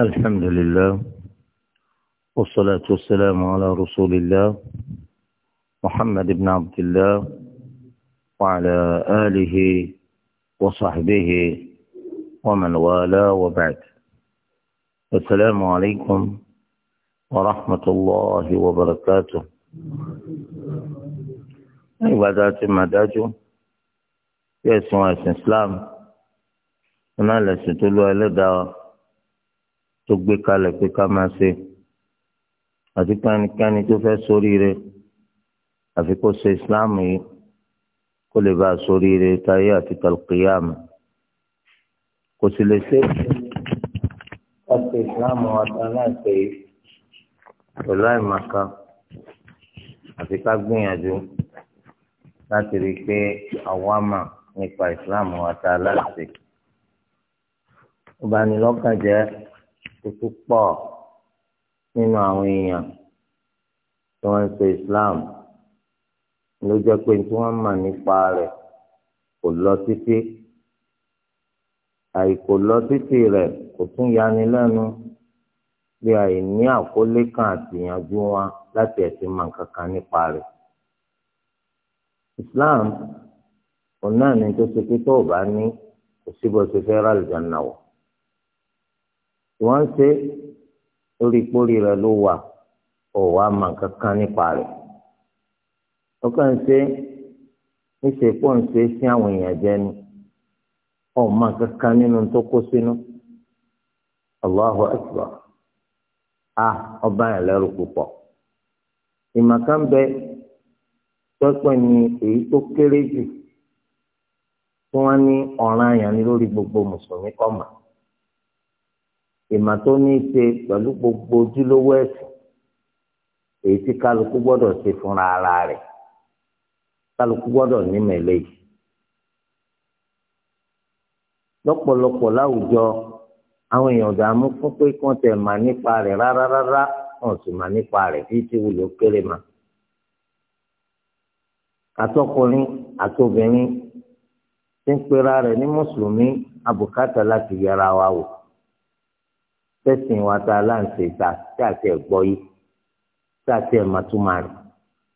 الحمد لله والصلاة والسلام على رسول الله محمد بن عبد الله وعلى آله وصحبه ومن والاه وبعد السلام عليكم ورحمة الله وبركاته عبادات يا سماء الإسلام أنا لست له tó gbé kalẹ̀ pé ká máa ṣe àti kánikánni tó fẹ́ sóríire àfi kó ṣe islam yìí kó lè bá a sóríire táyé àti tàlùkìyàmù kò sì lè ṣe ká ṣe islam ọ̀tá náà ṣe yìí pẹ̀lú àìmọ̀ká àfi ká gbìyànjú láti rí i pé àwa mà nípa islam ọ̀tá aláṣẹ. ó bá ní lọ́kàn jẹ́ títí pọ̀ nínú àwọn èèyàn tí wọ́n ń ṣe islam ló jẹ́ pé tí wọ́n mọ̀ nípa rẹ̀ kò lọ títí àìkò lọ títí rẹ̀ kò tún yani lẹ́nu bí àìní àkólé kan àtìyànjú wọn láti ẹ̀sìn mọ̀ kankan nípa rẹ̀ islam òun náà ni tó ṣe pé tó o bá ní kò síbò ṣe fẹ́ wọ̀. wọ́n ṣe lórí ìpórí rẹ̀ ló wà ó wàá mọ̀ kankan nípa rẹ̀ ó kàn ṣe níṣẹ́ pọ̀ ń ṣe sí àwọn èèyàn Allahu Akbar a ọba yẹn lẹ́rù púpọ̀ ìmọ̀ kan bẹ tọ́pẹ́ ni èyí tó kéré jù tí wọ́n ìmọ̀ tó ní í ṣe pẹ̀lú gbogbo ojúlówó ẹ̀sìn èyí tí kálukú gbọ́dọ̀ ṣe fúnra ara rẹ̀ kálukú gbọ́dọ̀ ní mẹ́lẹ̀ yìí. lọ́pọ̀lọpọ̀ láwùjọ àwọn èèyàn dààmú fún pé kí wọ́n tẹ̀ mà nípa rẹ̀ rárá rárá wọn sì mà nípa rẹ̀ bí tí wulò kéré ma. àtọkùnrin àtobìnrin ti ń pera rẹ̀ ní mùsùlùmí àbùkátà láti yẹra wa wò sẹ́sìn wa ta láǹṣe ta tí àti ẹ̀ gbọ́ yìí tí àti ẹ̀ máa tún máa rìn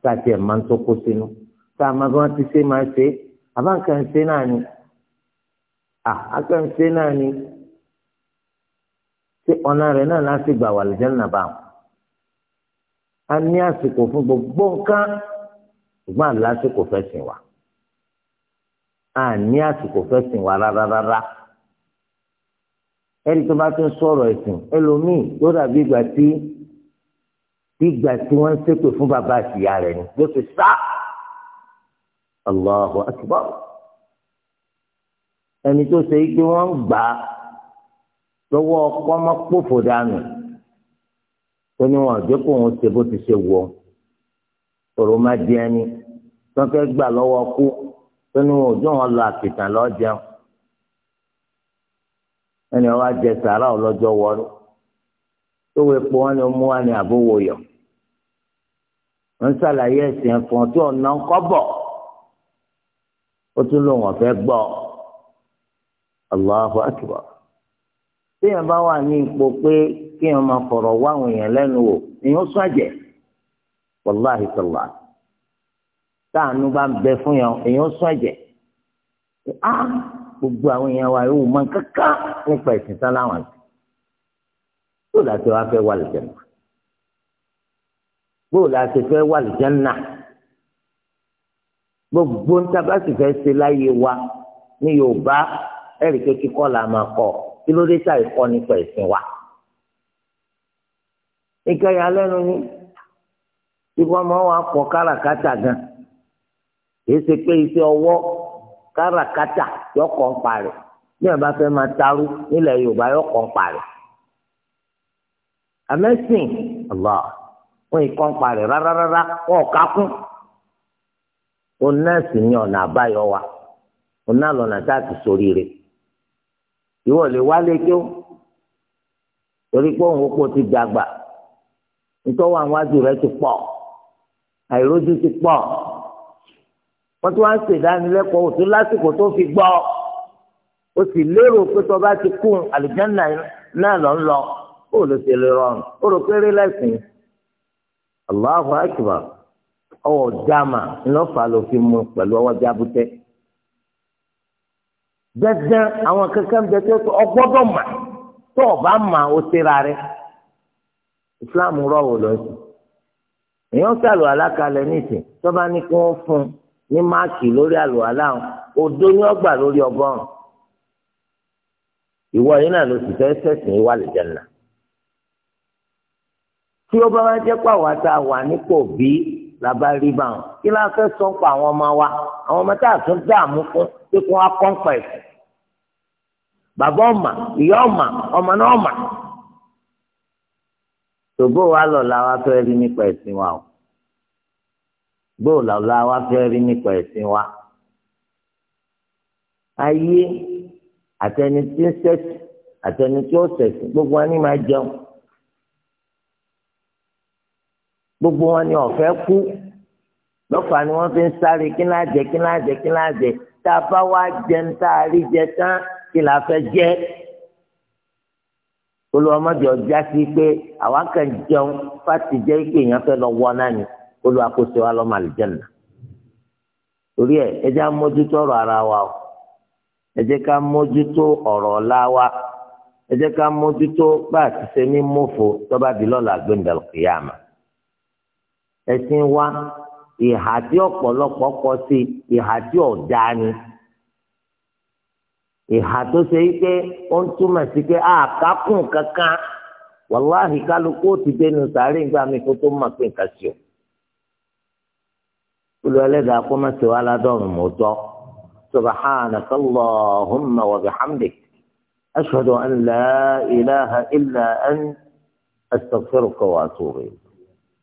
tí àti ẹ̀ máa ń tó kó sínú tí a máa bí wọ́n ti ṣe máa ṣe àbáǹkan ṣe náà ni àkàn ṣe náà ni ṣé ọ̀nà rẹ̀ náà láti gbà wà lẹ́jẹ̀ náà bá wọn. a ní àsìkò fún gbogbo nǹkan ṣùgbọ́n àlásìkò fẹ́ sìn wa a ní àsìkò fẹ́ sìn wa rárá rárá ẹni tó bá ti ń sọ̀rọ̀ ẹ̀sìn ẹlòmíì yóò dàbí ìgbà tí ìgbà tí wọ́n ń ṣépè fún bàbá àtìyá rẹ̀ ni yóò ti sá Allahu akbar ẹni tó ṣe pé wọ́n ń gbà á lọ́wọ́ ọkọ ọmọ pòfò dànù tó ní wọn àjẹ́ kó òun ṣe bó ti ṣe wọ ọ̀rọ̀ má di ẹni tó fẹ́ gbà lọ́wọ́ kú tó ní wọn òjò wọn lọ àpìtàn lọ́ọ́ jẹun. ẹni ọwọ́ ajẹ sàrà ọlọ́jọ́ wọrú tó wọ epo wọn ni mú wa ní àbówó yọ ń ṣàlàyé ẹ̀sìn ẹ̀fọn tó ọ̀nà ń kọ́bọ̀ ó tún wọn fẹ gbọ́ Allahu akbar téèyàn bá wà ní ipò pé kéèyàn máa wá àwọn èèyàn wò sún bá ń bẹ fún sún gbogbo àwọn èèyàn wa yóò mọ kankan nípa ìsìn sáláwọn àti bó la ṣe wá fẹ́ wà lìjẹ́nà bó la ṣe fẹ́ wà lìjẹ́nà gbogbo ntabasi fẹ́ ṣe láyé wa ní Yorùbá ẹ̀rí kékeré kọ́ la máa kọ́ kí ló dé ta ìkọ́ nípa ìsìn wa ìkẹyà lẹ́nu ni ìfọmọ́ wa kọ́ káràkátà gan kì í ṣe pé iṣẹ́ ọwọ́. káràkátà yọ kọ́ ń parẹ́ bí wọn bá fẹ́ máa tarú nílẹ̀ yorùbá yọ ń parẹ́ amẹ́sìn Allah wọn ì kọ́ ń parẹ́ rárárárá wọn ò kún òun náà sì ní ọ̀nà àbáyọ wa lọ́nà tá a ti ti dàgbà nítorí àwọn wọ́n tún wá ń ṣèdánilẹ́kọ̀ọ́ òtún lásìkò tó fi gbọ́ o sì lérò pé tó bá ti kún àlùjánnà náà lọ ń lọ ó lè ṣe lè rọrùn ó rò pé rí lẹ́sìn Allahu akbar ọwọ́ dáàmà ńlọ́fà ló fi mú pẹ̀lú ọwọ́ jábútẹ́ dandan àwọn kankan bẹ tó tó ọgbọ́dọ̀ mà tó o bá mà o ṣera rẹ Islam rọ̀ wò lọ́sìn èèyàn sàlù alákalẹ̀ nìsín tó bá ní kí wọ́n fún un ní máàkì lórí àlùwàlá òdo ní ọgbà lórí ọgọ́rùn ìwọ yìí náà ló sì fẹ́ sẹ̀sìn ìwà àlùjánnà tí ó bá wá jẹ́ pàwọ́ tá a wà nípò bí la bá rí bá wọn kí la fẹ́ sọ pa àwọn ọmọ wa àwọn ọmọ tá a tún dààmú fún pé kí wọ́n kọ́ńpà ẹ̀sìn bàbá ọmọ ìyá ọmọ ọmọ náà ọmọ tòbó wa lọ la wa fẹ́ rí nípa ẹ̀sìn wa o bóò làbá wa fẹ́ rí nípa ẹ̀sìn wa ayé àtẹni tí ń sẹ́sì àtẹni tí ó sẹ̀sì gbogbo wa ní máa jẹun gbogbo wa ní ọ̀fẹ́ kú lọ́fà ni wọ́n fi ń sáré kí náà jẹ kí náà jẹ kí náà jẹ tá a bá wá jẹun tá a rí jẹ tán kí la fẹ́ jẹ olùwàmọ́jọ já sí pé àwa kàn jẹun fásitì jẹ́ pé fẹ́ lọ wọ náà ni. olú àkóso wa lọ́mọ àlìjẹ́nà torí ẹ ẹ jẹ́ ara wa o ẹ jẹ́ ká mójútó ọ̀rọ̀ ọ̀la wa ẹ jẹ́ ká mójútó bá a ti ṣe ní mòfo tọ́ba di lọ́la gbẹ̀ndẹ̀lù kìyàmà ẹ̀sìn wa ìhà tí ọ̀pọ̀lọpọ̀ kọ sí ìhà tí ọ̀dá ni ìhà tó ṣe yí pé ó ń túmọ̀ sí kankan wàláhì kálukú ti sàárè mi kó tó mọ̀ o. ولولد أقوم سوال دون موتا سبحانك اللهم وبحمدك أشهد أن لا إله إلا أنت أستغفرك وأتوب إليك